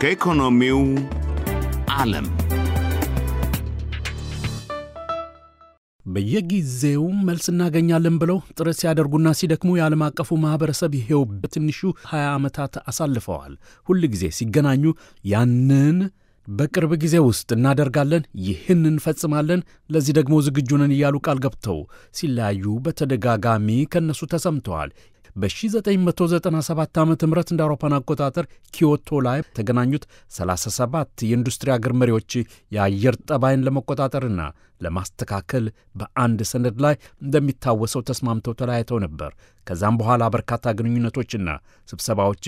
ከኢኮኖሚው ዓለም በየጊዜው መልስ እናገኛለን ብለው ጥረት ሲያደርጉና ሲደክሙ የዓለም አቀፉ ማኅበረሰብ ይሄው በትንሹ 20 ዓመታት አሳልፈዋል። ሁል ጊዜ ሲገናኙ ያንን በቅርብ ጊዜ ውስጥ እናደርጋለን፣ ይህን እንፈጽማለን፣ ለዚህ ደግሞ ዝግጁ ነን እያሉ ቃል ገብተው ሲለያዩ በተደጋጋሚ ከእነሱ ተሰምተዋል። በ1997 ዓ ም እንደ አውሮፓን አቆጣጠር ኪዮቶ ላይ የተገናኙት 37 የኢንዱስትሪ አገር መሪዎች የአየር ጠባይን ለመቆጣጠርና ለማስተካከል በአንድ ሰነድ ላይ እንደሚታወሰው ተስማምተው ተለያይተው ነበር። ከዛም በኋላ በርካታ ግንኙነቶችና ስብሰባዎች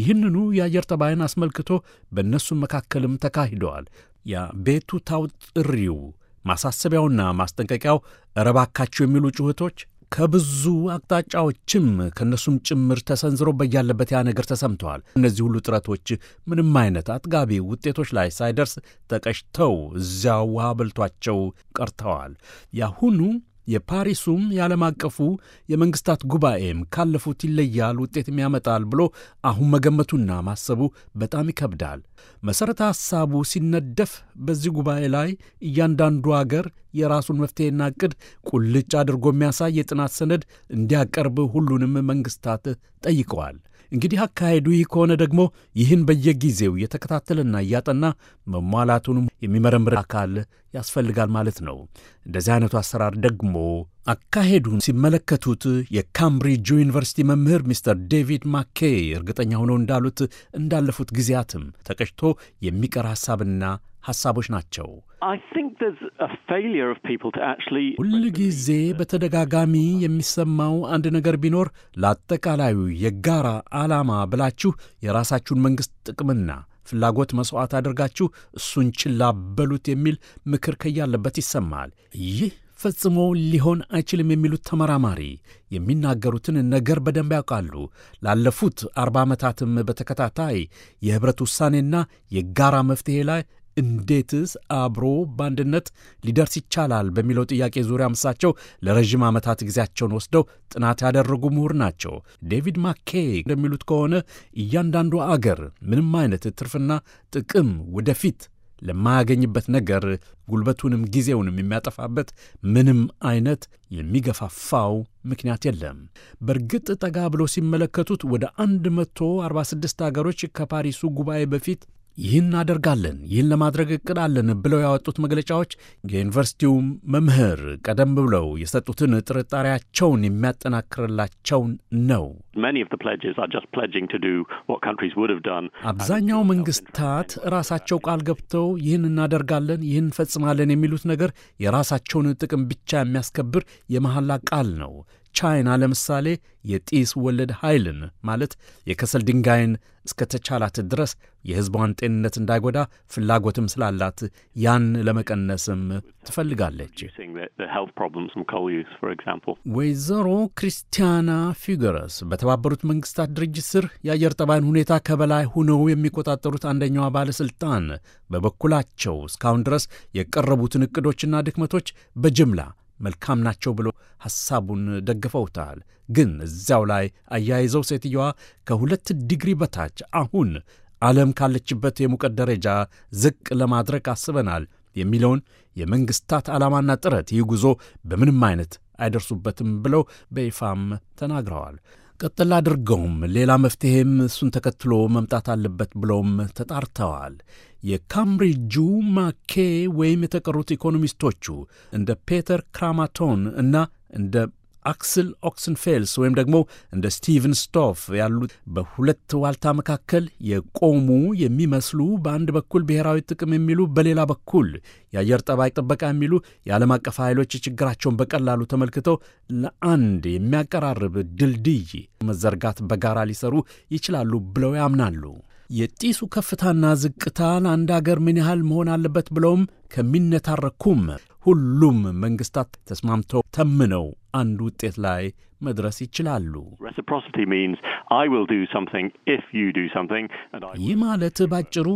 ይህንኑ የአየር ጠባይን አስመልክቶ በእነሱም መካከልም ተካሂደዋል። የቤቱታው ጥሪው ማሳሰቢያውና ማስጠንቀቂያው ረባካቸው የሚሉ ጩኸቶች ከብዙ አቅጣጫዎችም ከእነሱም ጭምር ተሰንዝሮ በያለበት ያ ነገር ተሰምተዋል። እነዚህ ሁሉ ጥረቶች ምንም አይነት አጥጋቢ ውጤቶች ላይ ሳይደርስ ተቀሽተው እዚያ ውሃ በልቷቸው ቀርተዋል። ያሁኑ የፓሪሱም የዓለም አቀፉ የመንግስታት ጉባኤም ካለፉት ይለያል፣ ውጤትም ያመጣል ብሎ አሁን መገመቱና ማሰቡ በጣም ይከብዳል። መሠረተ ሐሳቡ ሲነደፍ በዚህ ጉባኤ ላይ እያንዳንዱ አገር የራሱን መፍትሔና ዕቅድ ቁልጭ አድርጎ የሚያሳይ የጥናት ሰነድ እንዲያቀርብ ሁሉንም መንግስታት ጠይቀዋል። እንግዲህ አካሄዱ ይህ ከሆነ ደግሞ ይህን በየጊዜው እየተከታተለና እያጠና መሟላቱንም የሚመረምር አካል ያስፈልጋል ማለት ነው። እንደዚህ አይነቱ አሰራር ደግሞ አካሄዱን ሲመለከቱት የካምብሪጅ ዩኒቨርሲቲ መምህር ሚስተር ዴቪድ ማኬ እርግጠኛ ሆነው እንዳሉት እንዳለፉት ጊዜያትም ተቀጭቶ የሚቀር ሐሳብና ሀሳቦች ናቸው። ሁል ጊዜ በተደጋጋሚ የሚሰማው አንድ ነገር ቢኖር ለአጠቃላዩ የጋራ ዓላማ ብላችሁ የራሳችሁን መንግሥት ጥቅምና ፍላጎት መሥዋዕት አድርጋችሁ እሱን ችላ በሉት የሚል ምክር ከያለበት ይሰማል። ይህ ፈጽሞ ሊሆን አይችልም የሚሉት ተመራማሪ የሚናገሩትን ነገር በደንብ ያውቃሉ። ላለፉት አርባ ዓመታትም በተከታታይ የኅብረት ውሳኔና የጋራ መፍትሔ ላይ እንዴትስ አብሮ በአንድነት ሊደርስ ይቻላል በሚለው ጥያቄ ዙሪያ ምሳቸው ለረዥም ዓመታት ጊዜያቸውን ወስደው ጥናት ያደረጉ ምሁር ናቸው። ዴቪድ ማኬ እንደሚሉት ከሆነ እያንዳንዱ አገር ምንም አይነት ትርፍና ጥቅም ወደፊት ለማያገኝበት ነገር ጉልበቱንም ጊዜውንም የሚያጠፋበት ምንም አይነት የሚገፋፋው ምክንያት የለም። በእርግጥ ጠጋ ብሎ ሲመለከቱት ወደ 146 አገሮች ከፓሪሱ ጉባኤ በፊት ይህን እናደርጋለን፣ ይህን ለማድረግ እቅድ አለን ብለው ያወጡት መግለጫዎች የዩኒቨርሲቲው መምህር ቀደም ብለው የሰጡትን ጥርጣሬያቸውን የሚያጠናክርላቸውን ነው። አብዛኛው መንግስታት ራሳቸው ቃል ገብተው ይህን እናደርጋለን፣ ይህን እንፈጽማለን የሚሉት ነገር የራሳቸውን ጥቅም ብቻ የሚያስከብር የመሐላ ቃል ነው። ቻይና ለምሳሌ የጢስ ወለድ ኃይልን ማለት የከሰል ድንጋይን እስከ ተቻላት ድረስ የሕዝቧን ጤንነት እንዳይጎዳ ፍላጎትም ስላላት ያን ለመቀነስም ትፈልጋለች። ወይዘሮ ክሪስቲያና ፊገረስ በተባበሩት መንግስታት ድርጅት ስር የአየር ጠባይን ሁኔታ ከበላይ ሆነው የሚቆጣጠሩት አንደኛዋ ባለሥልጣን በበኩላቸው እስካሁን ድረስ የቀረቡትን እቅዶችና ድክመቶች በጅምላ መልካም ናቸው ብሎ ሐሳቡን ደግፈውታል። ግን እዚያው ላይ አያይዘው ሴትየዋ ከሁለት ዲግሪ በታች አሁን ዓለም ካለችበት የሙቀት ደረጃ ዝቅ ለማድረግ አስበናል የሚለውን የመንግሥታት ዓላማና ጥረት ይህ ጉዞ በምንም አይነት አይደርሱበትም ብለው በይፋም ተናግረዋል። ቀጥል አድርገውም ሌላ መፍትሔም እሱን ተከትሎ መምጣት አለበት ብለውም ተጣርተዋል። የካምብሪጁ ማኬ ወይም የተቀሩት ኢኮኖሚስቶቹ እንደ ፔተር ክራማቶን እና እንደ አክስል ኦክስንፌልስ ወይም ደግሞ እንደ ስቲቨን ስቶፍ ያሉት በሁለት ዋልታ መካከል የቆሙ የሚመስሉ በአንድ በኩል ብሔራዊ ጥቅም የሚሉ በሌላ በኩል የአየር ጠባይ ጥበቃ የሚሉ የዓለም አቀፍ ኃይሎች ችግራቸውን በቀላሉ ተመልክተው ለአንድ የሚያቀራርብ ድልድይ መዘርጋት በጋራ ሊሰሩ ይችላሉ ብለው ያምናሉ። የጢሱ ከፍታና ዝቅታን አንድ አገር ምን ያህል መሆን አለበት ብለውም ከሚነታረኩም ሁሉም መንግስታት ተስማምተው ተምነው አንድ ውጤት ላይ መድረስ ይችላሉ። ይህ ማለት ባጭሩ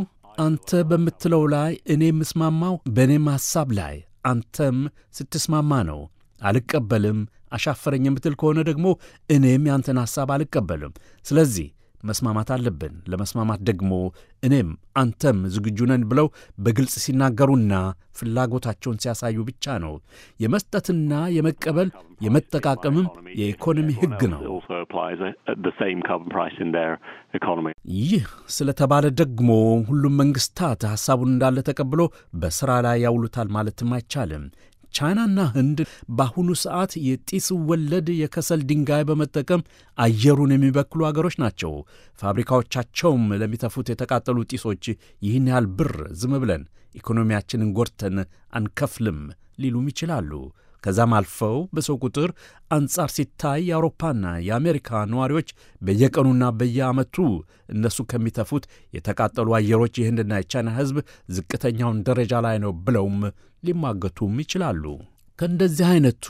አንተ በምትለው ላይ እኔ የምስማማው በእኔም ሐሳብ ላይ አንተም ስትስማማ ነው። አልቀበልም፣ አሻፈረኝ የምትል ከሆነ ደግሞ እኔም ያንተን ሐሳብ አልቀበልም። ስለዚህ መስማማት አለብን። ለመስማማት ደግሞ እኔም አንተም ዝግጁ ነን ብለው በግልጽ ሲናገሩና ፍላጎታቸውን ሲያሳዩ ብቻ ነው። የመስጠትና የመቀበል የመጠቃቀምም የኢኮኖሚ ሕግ ነው። ይህ ስለተባለ ደግሞ ሁሉም መንግስታት ሐሳቡን እንዳለ ተቀብሎ በሥራ ላይ ያውሉታል ማለትም አይቻልም። ቻይናና ህንድ በአሁኑ ሰዓት የጢስ ወለድ የከሰል ድንጋይ በመጠቀም አየሩን የሚበክሉ አገሮች ናቸው። ፋብሪካዎቻቸውም ለሚተፉት የተቃጠሉ ጢሶች ይህን ያህል ብር ዝም ብለን ኢኮኖሚያችንን ጎድተን አንከፍልም ሊሉም ይችላሉ። ከዛም አልፈው በሰው ቁጥር አንጻር ሲታይ የአውሮፓና የአሜሪካ ነዋሪዎች በየቀኑና በየዓመቱ እነሱ ከሚተፉት የተቃጠሉ አየሮች የህንድና የቻይና ህዝብ ዝቅተኛውን ደረጃ ላይ ነው ብለውም ሊሟገቱም ይችላሉ። ከእንደዚህ አይነቱ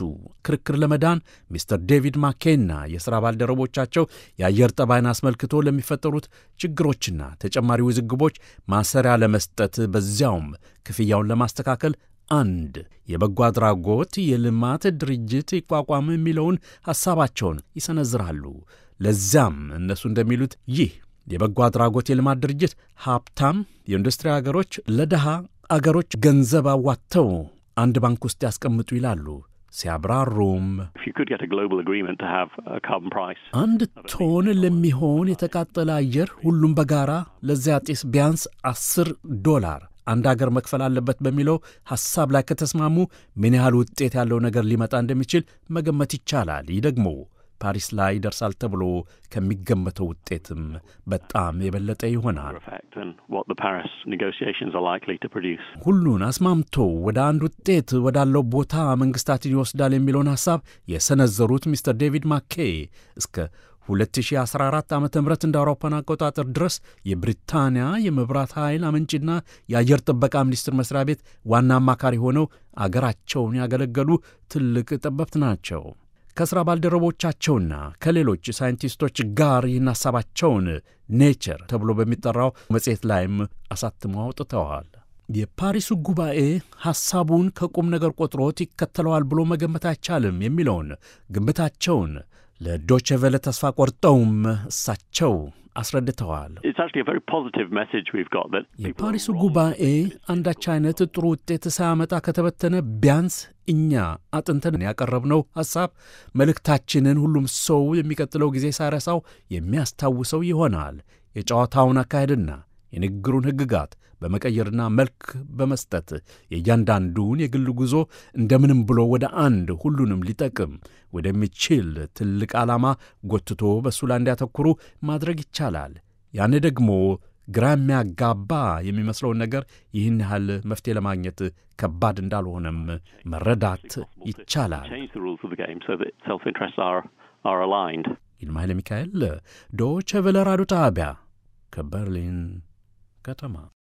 ክርክር ለመዳን ሚስተር ዴቪድ ማኬና የሥራ ባልደረቦቻቸው የአየር ጠባይን አስመልክቶ ለሚፈጠሩት ችግሮችና ተጨማሪ ውዝግቦች ማሰሪያ ለመስጠት በዚያውም ክፍያውን ለማስተካከል አንድ የበጎ አድራጎት የልማት ድርጅት ይቋቋም የሚለውን ሐሳባቸውን ይሰነዝራሉ። ለዚያም እነሱ እንደሚሉት ይህ የበጎ አድራጎት የልማት ድርጅት ሀብታም የኢንዱስትሪ አገሮች ለድሃ አገሮች ገንዘብ አዋጥተው አንድ ባንክ ውስጥ ያስቀምጡ ይላሉ። ሲያብራሩም አንድ ቶን ለሚሆን የተቃጠለ አየር ሁሉም በጋራ ለዚያ ጢስ ቢያንስ አስር ዶላር አንድ ሀገር መክፈል አለበት በሚለው ሐሳብ ላይ ከተስማሙ ምን ያህል ውጤት ያለው ነገር ሊመጣ እንደሚችል መገመት ይቻላል። ይህ ደግሞ ፓሪስ ላይ ይደርሳል ተብሎ ከሚገመተው ውጤትም በጣም የበለጠ ይሆናል። ሁሉን አስማምቶ ወደ አንድ ውጤት ወዳለው ቦታ መንግስታትን ይወስዳል የሚለውን ሐሳብ የሰነዘሩት ሚስተር ዴቪድ ማኬ እስከ 2014 ዓ ም እንደ አውሮፓን አቆጣጠር ድረስ የብሪታንያ የመብራት ኃይል አመንጭና የአየር ጥበቃ ሚኒስትር መስሪያ ቤት ዋና አማካሪ ሆነው አገራቸውን ያገለገሉ ትልቅ ጠበብት ናቸው። ከሥራ ባልደረቦቻቸውና ከሌሎች ሳይንቲስቶች ጋር ይህን ሐሳባቸውን ኔቸር ተብሎ በሚጠራው መጽሔት ላይም አሳትመው አውጥተዋል። የፓሪሱ ጉባኤ ሐሳቡን ከቁም ነገር ቆጥሮት ይከተለዋል ብሎ መገመት አይቻልም የሚለውን ግምታቸውን ለዶቼ ቬለ ተስፋ ቆርጠውም እሳቸው አስረድተዋል። የፓሪሱ ጉባኤ አንዳች አይነት ጥሩ ውጤት ሳያመጣ ከተበተነ ቢያንስ እኛ አጥንተን ያቀረብነው ሐሳብ መልእክታችንን ሁሉም ሰው የሚቀጥለው ጊዜ ሳይረሳው የሚያስታውሰው ይሆናል። የጨዋታውን አካሄድና የንግግሩን ሕግጋት በመቀየርና መልክ በመስጠት የእያንዳንዱን የግል ጉዞ እንደምንም ብሎ ወደ አንድ ሁሉንም ሊጠቅም ወደሚችል ትልቅ ዓላማ ጎትቶ በእሱ ላይ እንዲያተኩሩ ማድረግ ይቻላል። ያኔ ደግሞ ግራ የሚያጋባ የሚመስለውን ነገር ይህን ያህል መፍትሄ ለማግኘት ከባድ እንዳልሆነም መረዳት ይቻላል። ይልማ ኃይለ ሚካኤል ዶቼ ቬለ ራዲዮ ጣቢያ ከበርሊን ከተማ